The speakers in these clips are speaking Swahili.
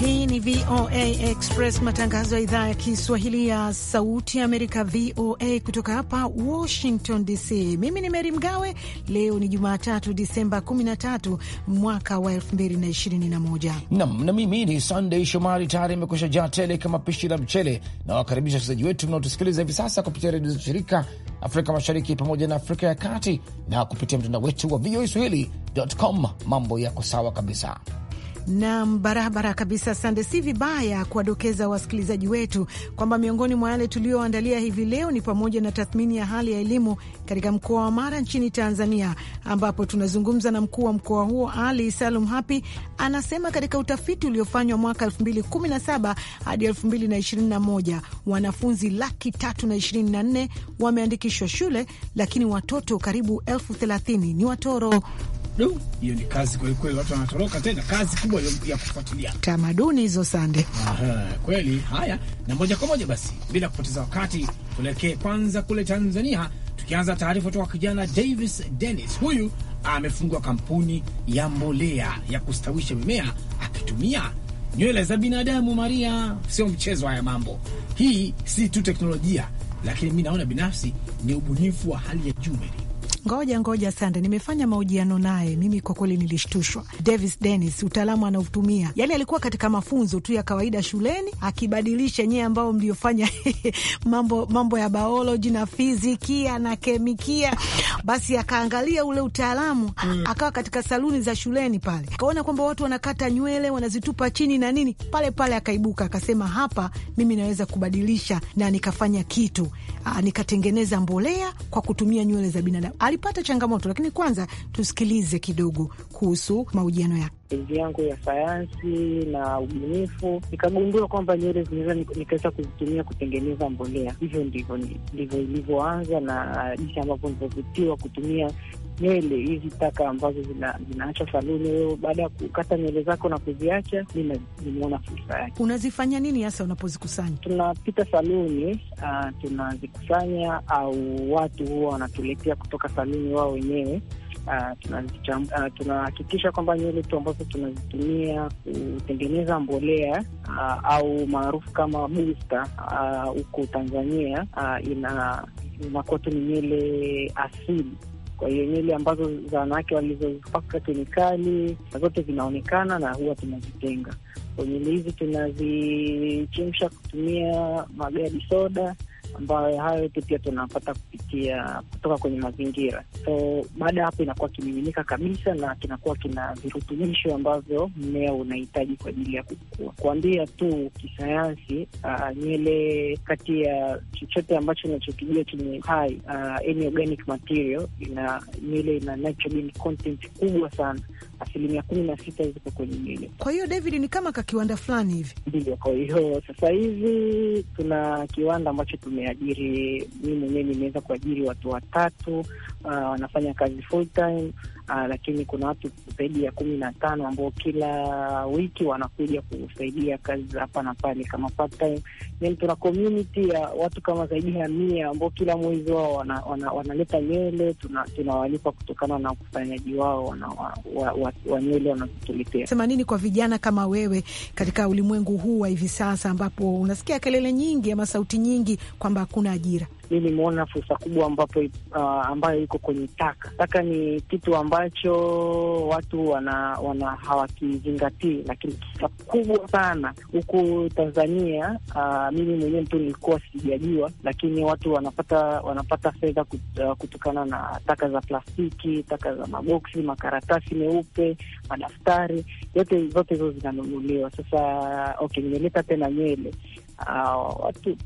Hii ni VOA Express, matangazo ya idhaa ya Kiswahili ya Sauti ya Amerika, VOA, kutoka hapa Washington DC. Mimi ni Meri Mgawe. Leo ni Jumatatu, Disemba 13 mwaka wa 2021, nam na mimi ni Sandey Shomari. Tayari imekusha jaa tele kama pishi la mchele, na wakaribisha wachezaji wetu mnaotusikiliza hivi sasa kupitia redio za shirika Afrika Mashariki pamoja na Afrika ya Kati na kupitia mtandao wetu wa VOA Swahili.com. Mambo yako sawa kabisa. Nam, barabara kabisa. sande si vibaya kuwadokeza wasikilizaji wetu kwamba miongoni mwa yale tulioandalia hivi leo ni pamoja na tathmini ya hali ya elimu katika mkoa wa Mara nchini Tanzania, ambapo tunazungumza na mkuu wa mkoa huo Ali Salum Hapi. Anasema katika utafiti uliofanywa mwaka 2017 hadi 2021 wanafunzi laki tatu na 24 wameandikishwa shule, lakini watoto karibu elfu ni watoro hiyo ni kazi kweli kweli, watu wanatoroka tena, kazi kubwa ya kufuatilia tamaduni hizo. Sande, kweli. Haya, na moja kwa moja basi, bila kupoteza wakati, tuelekee kwanza kule Tanzania, tukianza taarifa kutoka kijana Davis Dennis. Huyu amefungua kampuni ya mbolea ya kustawisha mimea akitumia nywele za binadamu. Maria, sio mchezo haya mambo. Hii si tu teknolojia, lakini mi naona binafsi ni ubunifu wa hali ya juu. Ngoja ngoja, Sande, nimefanya mahojiano naye. Mimi kwa kweli nilishtushwa. Davis Dennis, utaalamu anaotumia yani, alikuwa katika mafunzo tu ya kawaida shuleni, akibadilisha nyee ambao mliofanya mambo, mambo ya bioloji na fizikia na kemikia, basi akaangalia ule utaalamu mm. Akawa katika saluni za shuleni pale, akaona kwamba watu wanakata nywele wanazitupa chini na nini, pale pale akaibuka akasema, hapa mimi naweza kubadilisha na nikafanya kitu. Ah, nikatengeneza mbolea kwa kutumia nywele za binadamu alipata changamoto, lakini kwanza tusikilize kidogo kuhusu mahojiano yake. Elimu yangu ya sayansi na ubunifu, nikagundua kwamba nywele zinaweza nikaweza kuzitumia kutengeneza mbolea. Hivyo ndivyo ilivyoanza na jinsi ambavyo nilivyovutiwa kutumia nywele hizi taka ambazo zinaacha saluni. Wewe baada ya kukata nywele zako na kuziacha, nimeona fursa yake. Unazifanya nini hasa unapozikusanya? Tunapita saluni, uh, tunazikusanya au watu huwa wanatuletea kutoka saluni wao wenyewe. Uh, tunahakikisha uh, kwamba nywele tu ambazo tunazitumia kutengeneza mbolea uh, au maarufu kama busta huko uh, Tanzania uh, ina inakuwa tu ni nywele asili kwa hiyo nywele ambazo za wanawake walizozipaka kemikali zote zinaonekana na huwa tunazitenga. Kwa nywele hizi tunazichemsha kutumia magadi soda ambayo hayo yote pia tunapata kupitia kutoka kwenye mazingira. So baada ya hapo inakuwa kimiminika kabisa na kinakuwa kina virutubisho ambavyo mmea unahitaji kwa ajili ya kukua. Kuambia tu kisayansi, uh, nywele kati ya chochote ambacho unachokijua chenye hai, uh, ah, any organic material, ina nywele ina nitrogen content kubwa sana asilimia kumi na sita ziko kwenye mili. Kwa hiyo David, ni kama ka kiwanda fulani hivi ndio. Kwa hiyo sasa hivi tuna kiwanda ambacho tumeajiri, mi mwenyewe nimeweza kuajiri watu watatu, uh, wanafanya kazi full time uh, lakini kuna watu zaidi ya kumi na tano ambao kila wiki wanakuja kusaidia kazi hapa na pale kama part time. Then tuna community ya watu kama zaidi ya mia ambao kila mwezi wao wanaleta wana, wana nywele, tunawalipa tuna kutokana na ukusanyaji wao wana, wa, wa, wa, wa nywele wanazotuletea. Sema nini kwa vijana kama wewe katika ulimwengu huu wa hivi sasa ambapo unasikia kelele nyingi ama sauti nyingi kwamba hakuna ajira? mi nimeona fursa kubwa ambapo uh, ambayo iko kwenye taka. Taka ni kitu ambacho watu wana, wana hawakizingatii, lakini kisa kubwa sana huku Tanzania. Uh, mimi mwenyewe tu nilikuwa sijajua, lakini watu wanapata wanapata fedha kut, uh, kutokana na taka za plastiki, taka za maboksi, makaratasi meupe, madaftari, yote zote hizo zinanunuliwa. Sasa okay, nimeleta tena nywele Uh, watu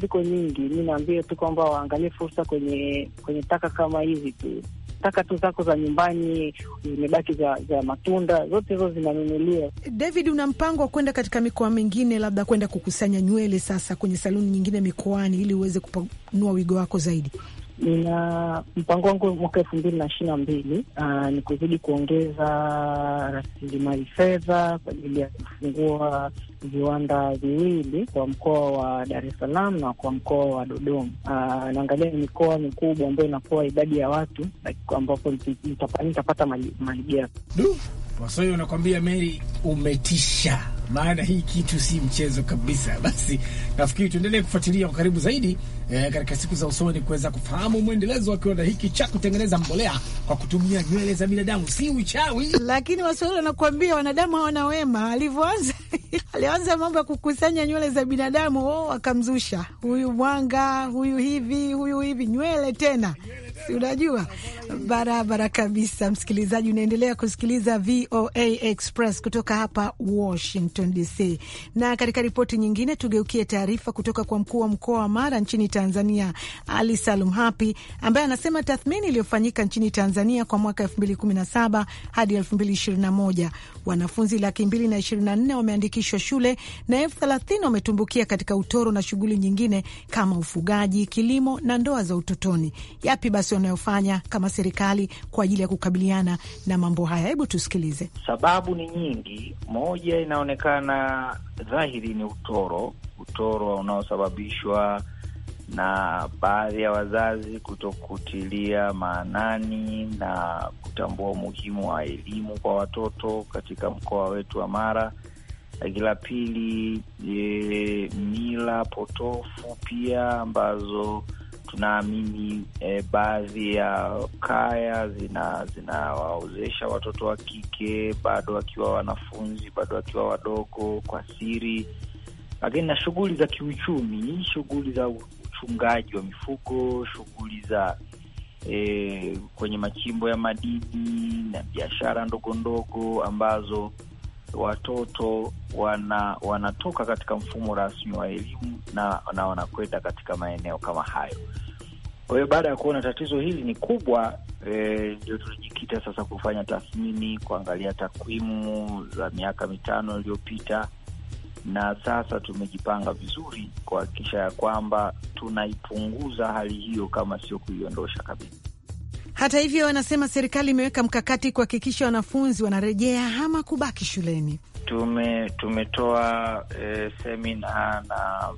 ziko nyingi. Mi naambia tu kwamba waangalie fursa kwenye kwenye taka kama hizi tu, taka tu zako za nyumbani zimebaki za, za matunda zote hizo zinanunulia David, una mpango wa kwenda katika mikoa mingine, labda kwenda kukusanya nywele sasa kwenye saluni nyingine mikoani, ili uweze kupanua wigo wako zaidi? nina mpango wangu mwaka elfu mbili na ishirini na mbili ah, ni kuzidi kuongeza rasilimali fedha kwa ajili ya kufungua viwanda viwili kwa mkoa wa Dar es Salaam na kwa mkoa wa Dodoma. Ah, naangalia ni mikoa mikubwa ambayo inakuwa idadi ya watu ambapo nitapata malighafi. Waswahili wanakwambia Meri, umetisha maana hii kitu si mchezo kabisa. Basi nafikiri tuendelee kufuatilia kwa karibu zaidi e, katika siku za usoni kuweza kufahamu mwendelezo wa kiwanda hiki cha kutengeneza mbolea kwa kutumia nywele za binadamu. Si uchawi, lakini Waswahili wanakuambia wanadamu hawana wema. Alivyoanza alianza mambo ya kukusanya nywele za binadamu, wakamzusha oh, huyu mwanga, huyu hivi, huyu hivi, nywele tena nywele basi unajua barabara kabisa. Msikilizaji, unaendelea kusikiliza VOA Express kutoka hapa Washington DC. Na katika ripoti nyingine, tugeukie taarifa kutoka kwa mkuu wa mkoa wa Mara nchini Tanzania, Ali Salum Hapi, ambaye anasema tathmini iliyofanyika nchini Tanzania kwa mwaka 2017 hadi 2021 wanafunzi laki 224 na wameandikishwa shule na elfu 30 wametumbukia katika utoro na shughuli nyingine kama ufugaji, kilimo na ndoa za utotoni. Yapi basi unayofanya kama serikali kwa ajili ya kukabiliana na mambo haya? Hebu tusikilize. Sababu ni nyingi. Moja inaonekana dhahiri ni utoro, utoro unaosababishwa na baadhi ya wazazi kutokutilia maanani na kutambua umuhimu wa elimu kwa watoto katika mkoa wetu wa Mara. Lakini la pili, e, mila potofu pia ambazo tunaamini e, baadhi ya kaya zinawaozesha zina watoto wa kike bado wakiwa wanafunzi, bado wakiwa wadogo kwa siri, lakini na shughuli za kiuchumi, shughuli za uchungaji wa mifugo, shughuli za e, kwenye machimbo ya madini na biashara ndogo ndogo ambazo watoto wana, wanatoka katika mfumo rasmi wa elimu na, na wanakwenda katika maeneo kama hayo. Kwa hiyo baada ya kuona tatizo hili ni kubwa, eh, ndio e, tulijikita sasa kufanya tathmini, kuangalia takwimu za miaka mitano iliyopita, na sasa tumejipanga vizuri kuhakikisha ya kwamba tunaipunguza hali hiyo kama sio kuiondosha kabisa. Hata hivyo, wanasema serikali imeweka mkakati kuhakikisha wanafunzi wanarejea ama kubaki shuleni. Tume, tumetoa e, semina na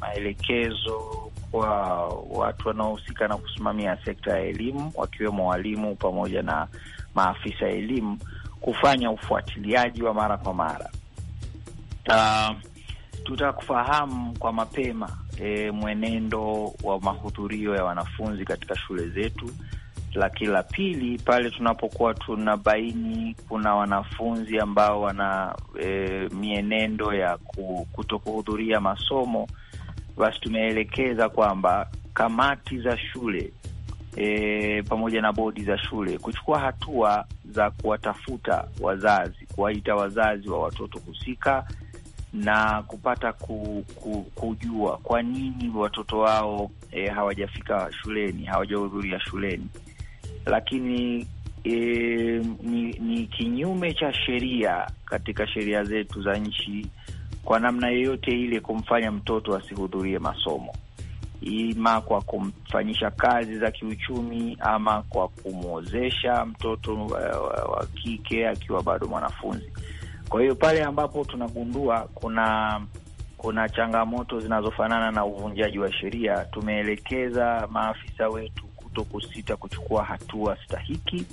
maelekezo kwa watu wanaohusika na kusimamia sekta ya elimu wakiwemo walimu pamoja na maafisa ya elimu kufanya ufuatiliaji wa mara kwa mara. Uh, ah, tutaka kufahamu kwa mapema e, mwenendo wa mahudhurio ya wanafunzi katika shule zetu lakini la pili, pale tunapokuwa tunabaini kuna wanafunzi ambao wana e, mienendo ya kutokuhudhuria masomo, basi tumeelekeza kwamba kamati za shule e, pamoja na bodi za shule kuchukua hatua za kuwatafuta wazazi, kuwaita wazazi wa watoto husika na kupata ku, ku, kujua kwa nini watoto wao e, hawajafika shuleni, hawajahudhuria shuleni lakini e, ni, ni kinyume cha sheria katika sheria zetu za nchi kwa namna yoyote ile kumfanya mtoto asihudhurie masomo, ima kwa kumfanyisha kazi za kiuchumi ama kwa kumwozesha mtoto uh, wa kike akiwa bado mwanafunzi. Kwa hiyo pale ambapo tunagundua kuna kuna changamoto zinazofanana na uvunjaji wa sheria, tumeelekeza maafisa wetu kusita kuchukua hatua stahiki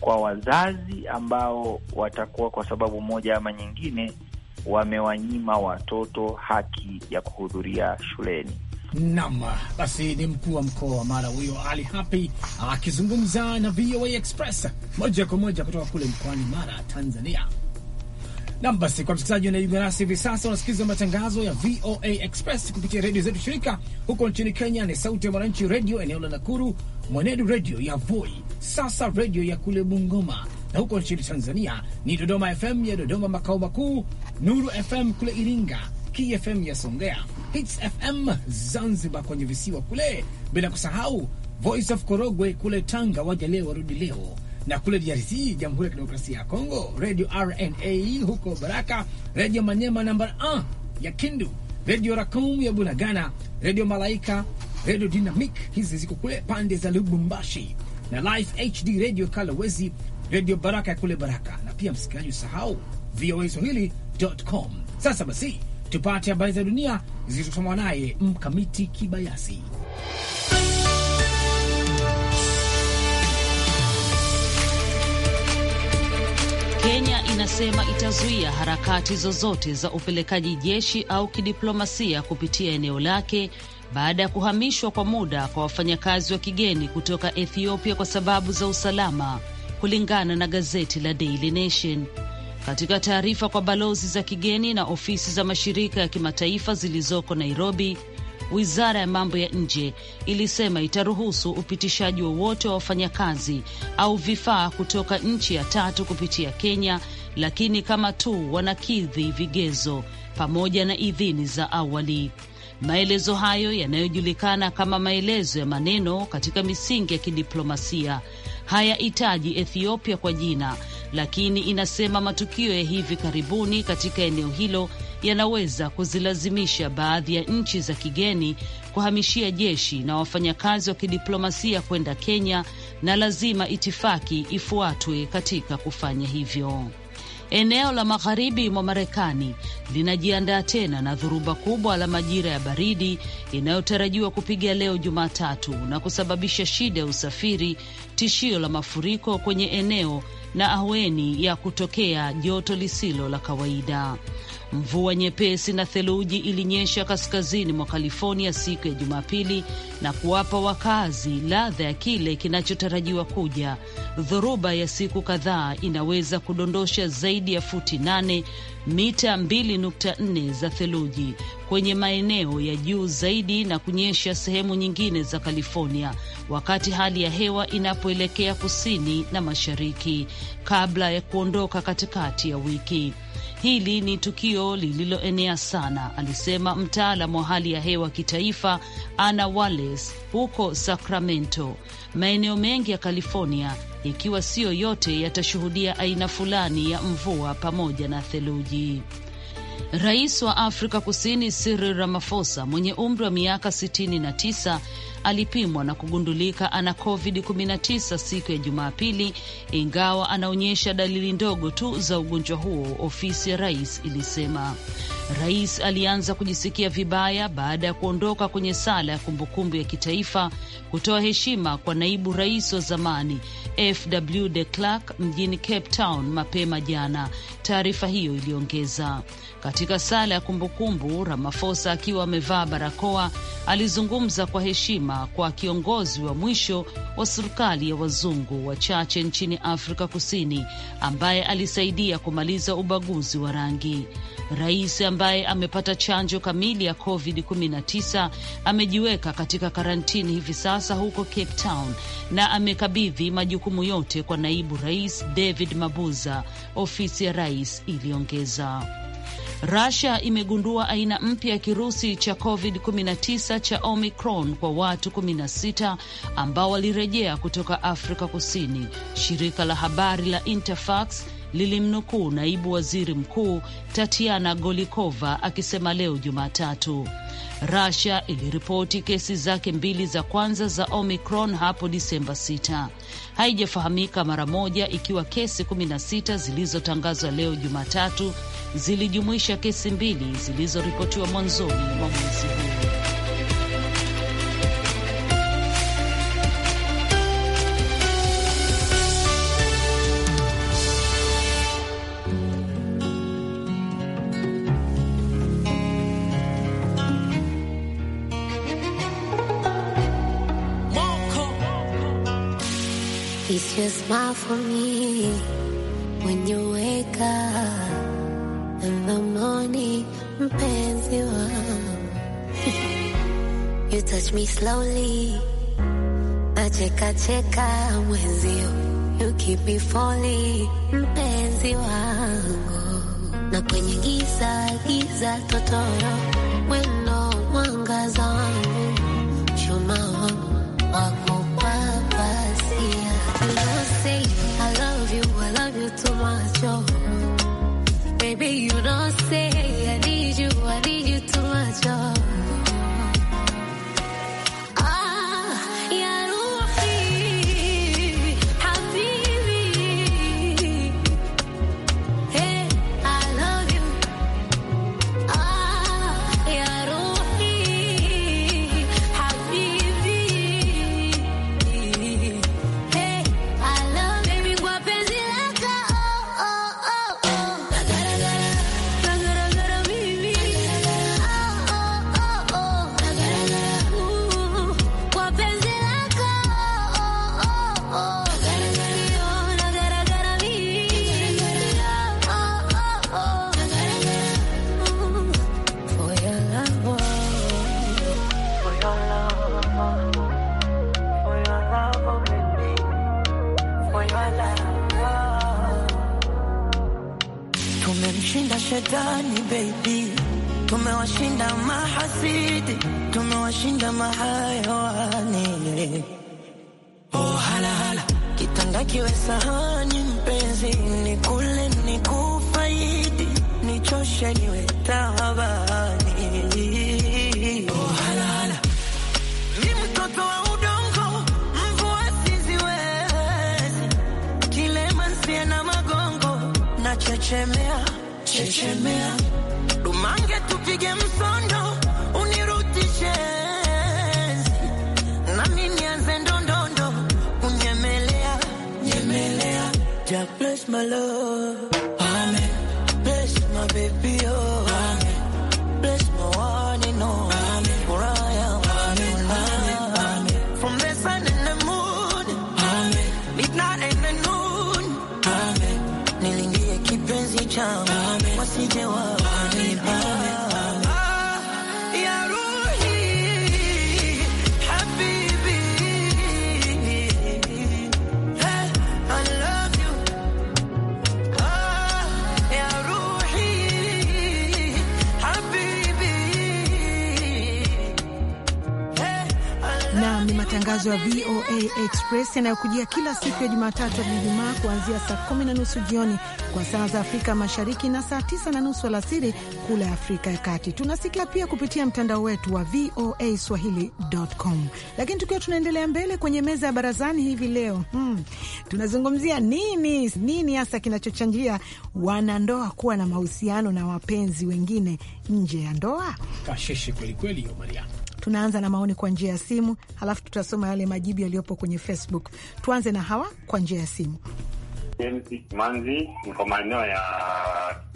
kwa wazazi ambao watakuwa kwa sababu moja ama nyingine wamewanyima watoto haki ya kuhudhuria shuleni. Naam, basi ni mkuu wa mkoa wa Mara huyo Ali Hapi akizungumza na VOA Express moja kwa moja kutoka kule mkoani Mara, Tanzania. Nam, basi kwa msikilizaji unajiunga nasi hivi sasa, unasikiliza matangazo ya VOA Express kupitia redio zetu shirika. Huko nchini Kenya ni Sauti ya Mwananchi redio eneo la Nakuru, Mwenedu redio ya Voi, Sasa redio ya kule Bungoma, na huko nchini Tanzania ni Dodoma FM ya Dodoma makao makuu, Nuru FM kule Iringa, KFM ya Songea, Hits FM Zanzibar kwenye visiwa kule, bila kusahau Voice of Korogwe kule Tanga, waja leo warudi leo na kule DRC, Jamhuri ya Kidemokrasia ya Kongo, Radio RNA huko Baraka, Radio Manyema namba 1 ya Kindu, Radio Rakum ya Bunagana, Radio Malaika, Radio Dynamic, hizi ziko kule pande za Lubumbashi, na Live HD Radio Kalawezi, Radio Baraka ya kule Baraka, na pia msikilizaji usahau VOA Swahili.com. Sasa basi tupate habari za dunia zilizosomwa naye Mkamiti Kibayasi. Kenya inasema itazuia harakati zozote za upelekaji jeshi au kidiplomasia kupitia eneo lake baada ya kuhamishwa kwa muda kwa wafanyakazi wa kigeni kutoka Ethiopia kwa sababu za usalama, kulingana na gazeti la Daily Nation. Katika taarifa kwa balozi za kigeni na ofisi za mashirika ya kimataifa zilizoko Nairobi, wizara ya mambo ya nje ilisema itaruhusu upitishaji wowote wa wafanyakazi au vifaa kutoka nchi ya tatu kupitia Kenya, lakini kama tu wanakidhi vigezo pamoja na idhini za awali. Maelezo hayo yanayojulikana kama maelezo ya maneno katika misingi ya kidiplomasia hayahitaji Ethiopia kwa jina, lakini inasema matukio ya hivi karibuni katika eneo hilo yanaweza kuzilazimisha baadhi ya nchi za kigeni kuhamishia jeshi na wafanyakazi wa kidiplomasia kwenda Kenya na lazima itifaki ifuatwe katika kufanya hivyo. Eneo la magharibi mwa Marekani linajiandaa tena na dhuruba kubwa la majira ya baridi inayotarajiwa kupiga leo Jumatatu na kusababisha shida ya usafiri, tishio la mafuriko kwenye eneo na ahueni ya kutokea joto lisilo la kawaida. Mvua nyepesi na theluji ilinyesha kaskazini mwa California siku ya Jumapili na kuwapa wakazi ladha ya kile kinachotarajiwa kuja. Dhoruba ya siku kadhaa inaweza kudondosha zaidi ya futi nane, mita 2.4 za theluji kwenye maeneo ya juu zaidi na kunyesha sehemu nyingine za California wakati hali ya hewa inapoelekea kusini na mashariki kabla ya kuondoka katikati ya wiki. Hili ni tukio lililoenea sana, alisema mtaalam wa hali ya hewa kitaifa Anna Wallace huko Sacramento. Maeneo mengi ya California, ikiwa siyo yote, yatashuhudia aina fulani ya mvua pamoja na theluji. Rais wa Afrika Kusini Cyril Ramaphosa mwenye umri wa miaka 69 alipimwa na kugundulika ana COVID-19 siku ya Jumapili, ingawa anaonyesha dalili ndogo tu za ugonjwa huo, ofisi ya rais ilisema. Rais alianza kujisikia vibaya baada ya kuondoka kwenye sala ya kumbukumbu ya kitaifa kutoa heshima kwa naibu rais wa zamani FW de Klerk mjini Cape Town mapema jana, taarifa hiyo iliongeza. Katika sala ya kumbukumbu, ramafosa akiwa amevaa barakoa alizungumza kwa heshima kwa kiongozi wa mwisho wa serikali ya wazungu wachache nchini Afrika Kusini ambaye alisaidia kumaliza ubaguzi wa rangi. Rais ambaye amepata chanjo kamili ya COVID-19 amejiweka katika karantini hivi sasa huko Cape Town na amekabidhi majukumu yote kwa naibu rais David Mabuza, ofisi ya rais iliongeza. rusia imegundua aina mpya ya kirusi cha COVID-19 cha Omicron kwa watu 16 ambao walirejea kutoka Afrika Kusini. Shirika la habari la Interfax lilimnukuu naibu waziri mkuu Tatiana Golikova akisema leo Jumatatu. Rasia iliripoti kesi zake mbili za kwanza za Omicron hapo Disemba 6. Haijafahamika mara moja ikiwa kesi 16 zilizotangazwa leo Jumatatu zilijumuisha kesi mbili zilizoripotiwa mwanzoni mwa mwezi huu. It's your smile for me when you wake up in the morning, you wangu. You touch me slowly, na cheka mwenzio. You keep me falling, mpenzi wangu. Na kwenye giza giza totoro, weno mwangaza wangu Chechemea, chechemea, Dumange tupige msondo, unirutishe nami nianze ndondondo kunyemelea nyemelea. Ja bless my love matangazo ya VOA Express yanayokujia kila siku ya Jumatatu hadi Ijumaa kuanzia saa kumi na nusu jioni kwa saa za Afrika Mashariki na saa tisa na nusu alasiri kule Afrika ya Kati. Tunasikia pia kupitia mtandao wetu wa VOA Swahili.com. Lakini tukiwa tunaendelea mbele kwenye meza ya barazani hivi leo, hmm, tunazungumzia nini nini hasa kinachochangia wanandoa kuwa na mahusiano na wapenzi wengine nje ya ndoa? Kashishi kwelikweli, Maria. Tunaanza na maoni kwa njia ya simu, halafu tutasoma yale majibu yaliyopo kwenye Facebook. Tuanze na hawa kwa njia ya simu. Manzi, niko maeneo ya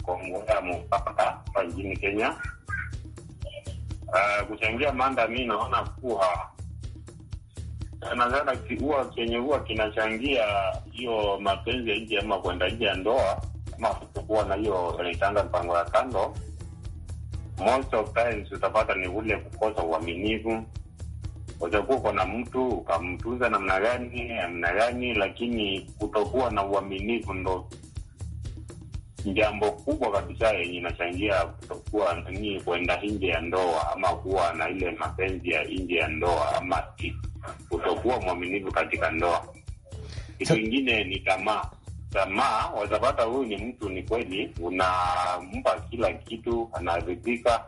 Kongoa Mupaka hapa nchini Kenya. Uh, kuchangia manda, mi naona kuwa nadhani huwa chenye huwa kinachangia hiyo mapenzi ya nje ama kwenda nje ya ndoa ama kuwa na hiyo inaitanga mpango ya kando most of times utapata ni ule kukosa uaminifu. Utakuwa na mtu ukamtunza namna gani namna gani, lakini kutokuwa na uaminifu ndo jambo kubwa kabisa yenye inachangia kutokuwa ni kwenda nje ya ndoa ama kuwa na ile mapenzi ya nje ya ndoa ama kutokuwa mwaminifu katika ndoa. Kitu ingine ni tamaa tamaa, wazapata huyu ni mtu ni kweli, unampa kila kitu, anaridhika,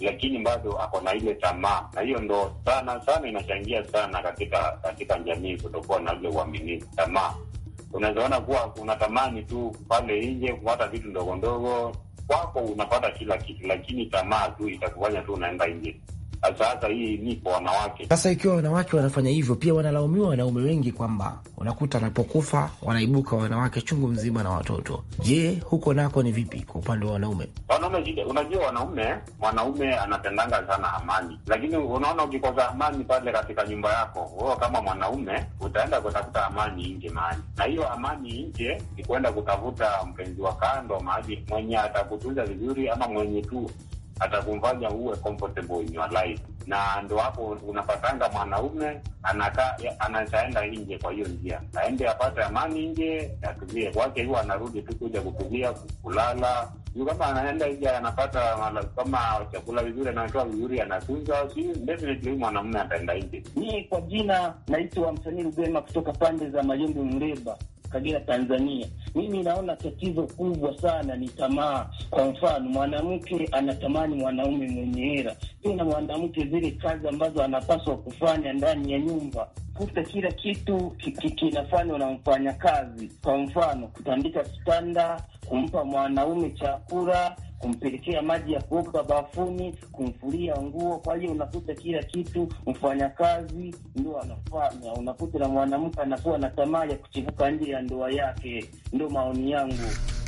lakini bado ako na ile tamaa, na hiyo ndo sana sana inachangia sana katika katika jamii kutokuwa na ule uaminifu. Tamaa unawezaona kuwa tamani tu pale nje kupata vitu ndogo ndogo, kwako unapata kila kitu, lakini tamaa tu itakufanya tu unaenda nje sasa hii ni kwa wanawake. Sasa ikiwa wanawake wanafanya hivyo, pia wanalaumiwa wanaume wengi, kwamba unakuta wanapokufa wanaibuka wanawake chungu mzima na watoto. Je, huko nako ni vipi kwa upande wa wanaume? Wanaume, unajua wanaume, mwanaume anatendanga sana amani, lakini unaona ukikosa amani pale katika nyumba yako, wewe kama mwanaume utaenda kutafuta amani nje mahali, na hiyo amani nje ni kuenda kutafuta mpenzi wa kando mahali mwenye atakutunza vizuri, ama mwenye tu atakumfanya uwe comfortable in your life, na ndo hapo unapatanga mwanaume anakaa anachaenda nje. Kwa hiyo njia aende apate amani nje, atulie kwake, huwa anarudi tu kuja kutulia kulala juu. Kama anaenda nje anapata kama chakula vizuri, anatoa vizuri, anatunza si definitely mwanaume ataenda nje. Ni kwa jina naitwa msanii Rubema kutoka pande za Mayombe Mreba. Kagera, Tanzania. Mimi naona tatizo kubwa sana ni tamaa. Kwa mfano, mwanamke anatamani mwanaume mwenye hela, tena mwanamke zile kazi ambazo anapaswa kufanya ndani ya nyumba kuta kila kitu kinafanywa na mfanyakazi. Kwa mfano, kutandika kitanda, kumpa mwanaume chakula kumpelekea maji ya kuoga bafuni, kumfulia nguo. Kwa hiyo unakuta kila kitu mfanyakazi ndo anafanya, unakuta na mwanamke anakuwa na tamaa ya kuchivuka nje ya ndoa yake. Ndo maoni yangu.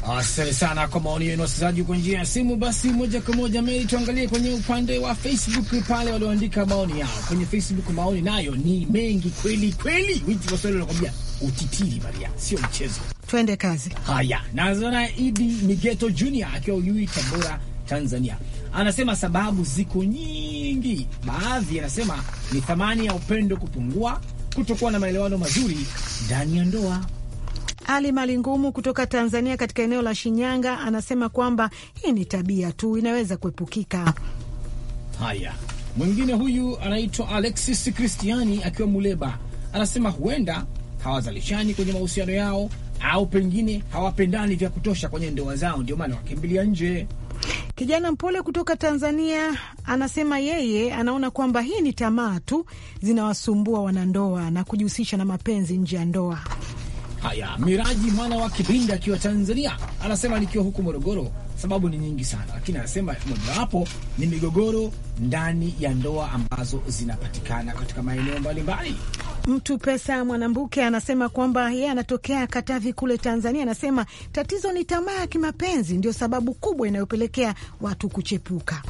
Asante sana kwa maoni yenu wasikilizaji kwa njia ya simu. Basi moja kwa moja mei, tuangalie kwenye upande wa Facebook pale walioandika maoni yao kwenye Facebook. Maoni nayo ni mengi kweli kweli, kwa waswali nakwambia utitiri Maria sio mchezo. Twende kazi. Haya, nazona Idi Migeto Junior akiwa Uyui, Tabora, Tanzania, anasema sababu ziko nyingi. Baadhi anasema ni thamani ya upendo kupungua, kutokuwa na maelewano mazuri ndani ya ndoa ali Malingumu kutoka Tanzania katika eneo la Shinyanga anasema kwamba hii ni tabia tu, inaweza kuepukika. Haya, mwingine huyu anaitwa Alexis Kristiani akiwa Muleba, anasema huenda hawazalishani kwenye mahusiano yao au pengine hawapendani vya kutosha kwenye ndoa zao, ndio maana wakimbilia nje. Kijana mpole kutoka Tanzania anasema yeye anaona kwamba hii ni tamaa tu zinawasumbua wanandoa na kujihusisha na mapenzi nje ya ndoa. Haya, Miraji mwana wa Kipinda akiwa Tanzania anasema nikiwa huku Morogoro, sababu ni nyingi sana, lakini anasema mojawapo ni migogoro ndani ya ndoa ambazo zinapatikana katika maeneo mbalimbali. Mtu Pesa Mwanambuke anasema kwamba yeye anatokea Katavi kule Tanzania. Anasema tatizo ni tamaa ya kimapenzi ndio sababu kubwa inayopelekea watu kuchepuka.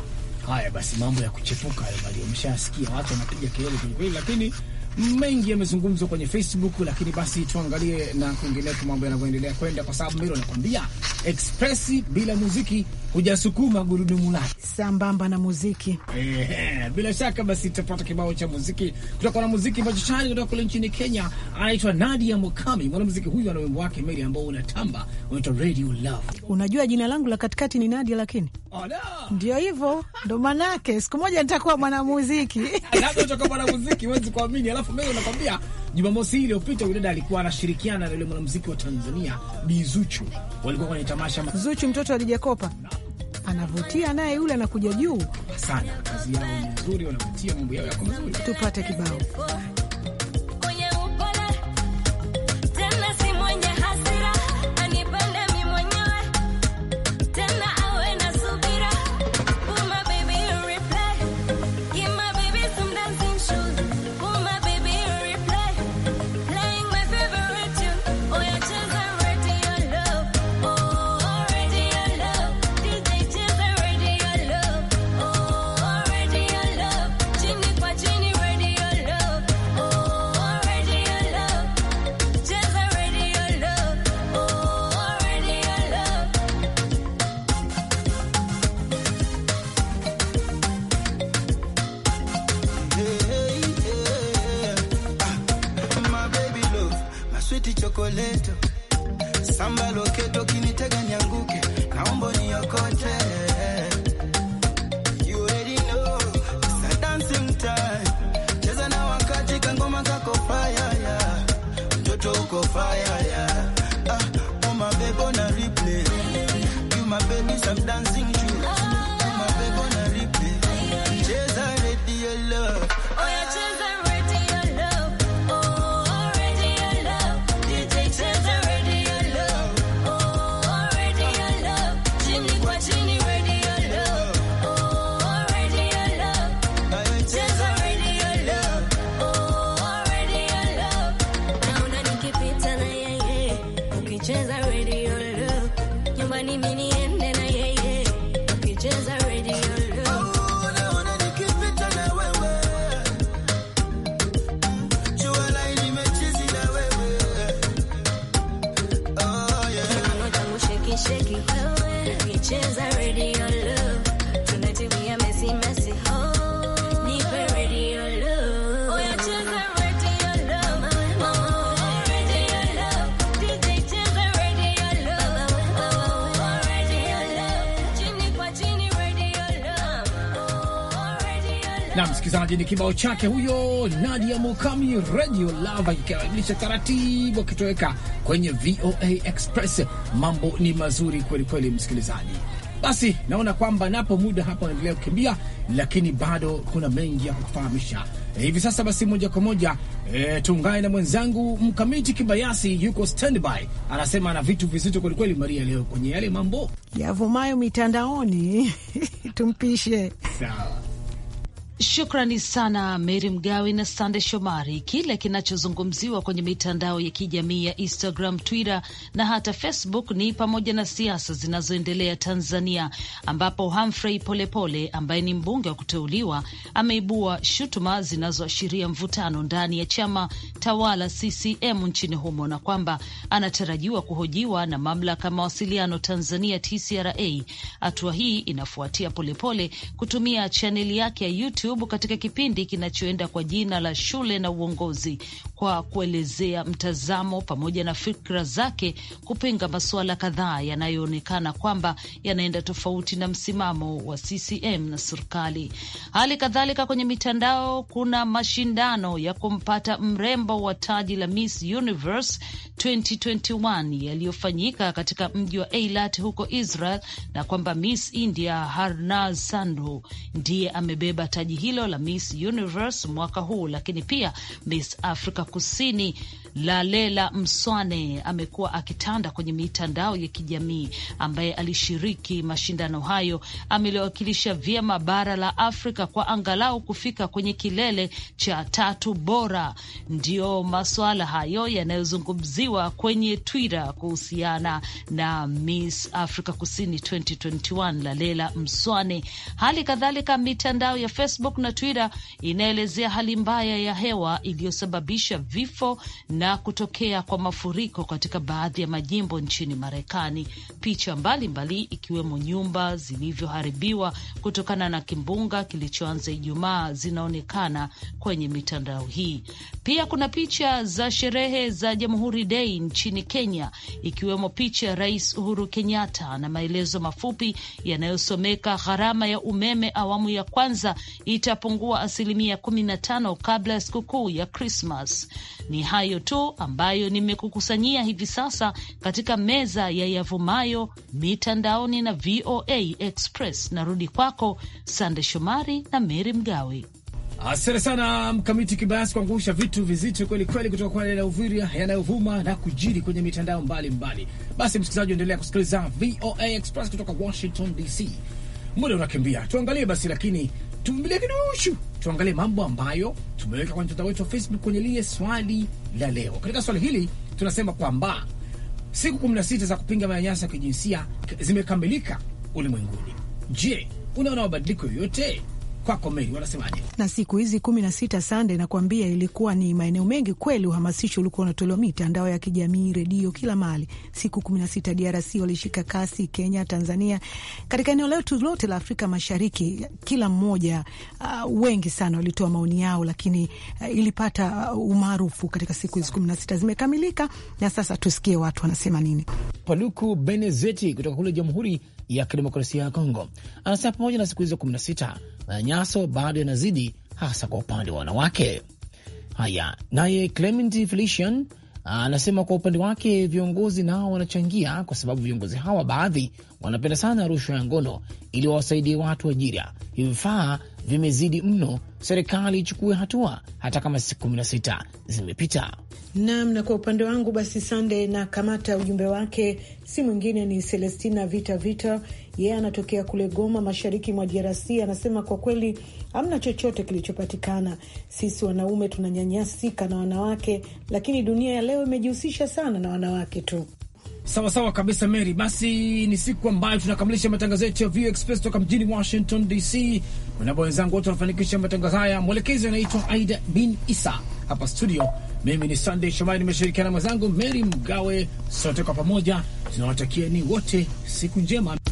Haya basi, mambo ya kuchepuka hayo mshasikia, watu wanapiga kelele kwelikweli, lakini mengi yamezungumzwa kwenye Facebook, lakini basi tuangalie na kuingineko mambo yanavyoendelea kwenda, kwa sababu mbilo nakwambia express bila muziki hujasukuma gurudumu lake sambamba na muziki. ehe. bila shaka basi tutapata kibao cha muziki kutoka na muziki ambacho tayari kutoka kule nchini Kenya, anaitwa Nadia Mukami. Mwanamuziki huyu ana wimbo wake Mary ambao unatamba unaitwa Radio Love. Unajua jina langu la katikati ni Nadia, lakini oh, no. Ndio hivyo ndo maanake siku moja nitakuwa mwanamuziki. Labda utakuwa mwanamuziki, huwezi kuamini alafu mimi nakwambia Jumamosi hii iliyopita yule dada alikuwa anashirikiana na yule mwanamuziki wa Tanzania Bi Zuchu, walikuwa kwenye tamasha. Zuchu mtoto wa Kopa anavutia naye, yule anakuja juu sana. Kazi yao ni nzuri, wanavutia, mambo yao yako mazuri. Tupate kibao na msikilizaji, ni kibao chake huyo Nadia Mukami, Radio Lava ikikaribisha taratibu, akitoweka kwenye VOA Express. Mambo ni mazuri kwelikweli, msikilizaji. Basi naona kwamba napo muda hapa unaendelea kukimbia, lakini bado kuna mengi ya kukufahamisha hivi sasa. Basi moja kwa moja e, tuungane na mwenzangu Mkamiti Kibayasi, yuko standby, anasema ana vitu vizito kwelikweli Maria leo kwenye yale mambo yavumayo mitandaoni tumpishe. Sawa. Shukrani sana Meri Mgawe na Sande Shomari. Kile kinachozungumziwa kwenye mitandao ya kijamii ya Instagram, Twitter na hata Facebook ni pamoja na siasa zinazoendelea Tanzania, ambapo Humphrey Polepole ambaye ni mbunge wa kuteuliwa ameibua shutuma zinazoashiria mvutano ndani ya chama tawala CCM nchini humo na kwamba anatarajiwa kuhojiwa na mamlaka ya mawasiliano Tanzania, TCRA. Hatua hii inafuatia Polepole kutumia chaneli yake ya YouTube YouTube katika kipindi kinachoenda kwa jina la Shule na Uongozi, kwa kuelezea mtazamo pamoja na fikra zake kupinga masuala kadhaa yanayoonekana kwamba yanaenda tofauti na msimamo wa CCM na serikali. Hali kadhalika kwenye mitandao kuna mashindano ya kumpata mrembo wa taji la Miss Universe 2021 yaliyofanyika katika mji wa Eilat huko Israel, na kwamba Miss India Harnaz Sandhu ndiye amebeba taji hilo la Miss Universe mwaka huu, lakini pia Miss Africa Kusini Lalela Mswane amekuwa akitanda kwenye mitandao ya kijamii, ambaye alishiriki mashindano hayo, amewakilisha vyema bara la Afrika kwa angalau kufika kwenye kilele cha tatu bora. Ndiyo masuala hayo yanayozungumziwa kwenye Twitter kuhusiana na Miss Africa Kusini 2021 Lalela Mswane. Hali kadhalika mitandao ya Facebook na Twitter inaelezea hali mbaya ya hewa iliyosababisha vifo na kutokea kwa mafuriko katika baadhi ya majimbo nchini Marekani. Picha mbalimbali ikiwemo nyumba zilivyoharibiwa kutokana na kimbunga kilichoanza Ijumaa zinaonekana kwenye mitandao hii. Pia kuna picha za sherehe za Jamhuri Dei nchini Kenya, ikiwemo picha ya Rais Uhuru Kenyatta na maelezo mafupi yanayosomeka gharama ya umeme awamu ya kwanza itapungua asilimia kumi na tano kabla ya sikukuu ya Krismas. Ni hayo mito ambayo nimekukusanyia hivi sasa katika meza ya yavumayo mitandaoni na VOA Express. Narudi kwako Sande Shomari na Meri Mgawe. Asante sana Mkamiti Kibayasi kuangusha vitu vizito kweli kweli kutoka kwa la uviria yanayovuma na kujiri kwenye mitandao mbalimbali mbali. Basi msikilizaji, endelea kusikiliza VOA Express kutoka Washington DC. Muda unakimbia, tuangalie basi lakini tumbile kidushu, tuangalie mambo ambayo tumeweka kwenye mtandao wetu wa Facebook kwenye lile swali la leo. Katika swali hili tunasema kwamba siku kumi na sita za kupinga manyanyaso ya kijinsia zimekamilika ulimwenguni. Je, unaona mabadiliko yoyote? kwako Mei, wanasemaje? Na siku hizi kumi na sita sande, nakuambia ilikuwa ni maeneo mengi kweli, uhamasisho ulikuwa unatolewa mitandao ya kijamii, redio, kila mahali. Siku kumi na sita DRC walishika kasi, Kenya, Tanzania, katika eneo letu lote la Afrika Mashariki, kila mmoja uh, wengi sana walitoa maoni yao, lakini uh, ilipata uh, umaarufu katika siku hizi kumi na sita zimekamilika, na sasa tusikie watu wanasema nini. Paluku Benezeti kutoka kule Jamhuri ya Kidemokrasia ya Kongo anasema pamoja na siku hizo kumi na sita manyanyaso bado yanazidi, hasa kwa upande wa wanawake. Haya, naye Clement Felician ah, anasema kwa upande wake viongozi nao wanachangia, kwa sababu viongozi hawa baadhi wanapenda sana rushwa ya ngono ili wawasaidie watu ajira, hivifaa vimezidi mno, serikali ichukue hatua hata kama siku kumi na sita zimepita. Naam, na kwa upande wangu basi, Sande na kamata ujumbe wake, si mwingine ni Celestina Vita Vita, yeye anatokea kule Goma, mashariki mwa DRC. Anasema kwa kweli hamna chochote kilichopatikana. Sisi wanaume tunanyanyasika na wanawake, lakini dunia ya leo imejihusisha sana na wanawake tu. Sawa sawa kabisa Mary, basi ni siku ambayo tunakamilisha matangazo yetu ya View Express toka mjini Washington DC. Unapo wenzangu wote wanafanikisha matangazo haya, mwelekezi anaitwa Aida bin Isa hapa studio. Mimi ni Sunday Shomari, nimeshirikiana mwenzangu Mary Mgawe. Sote kwa pamoja tunawatakia ni wote siku njema.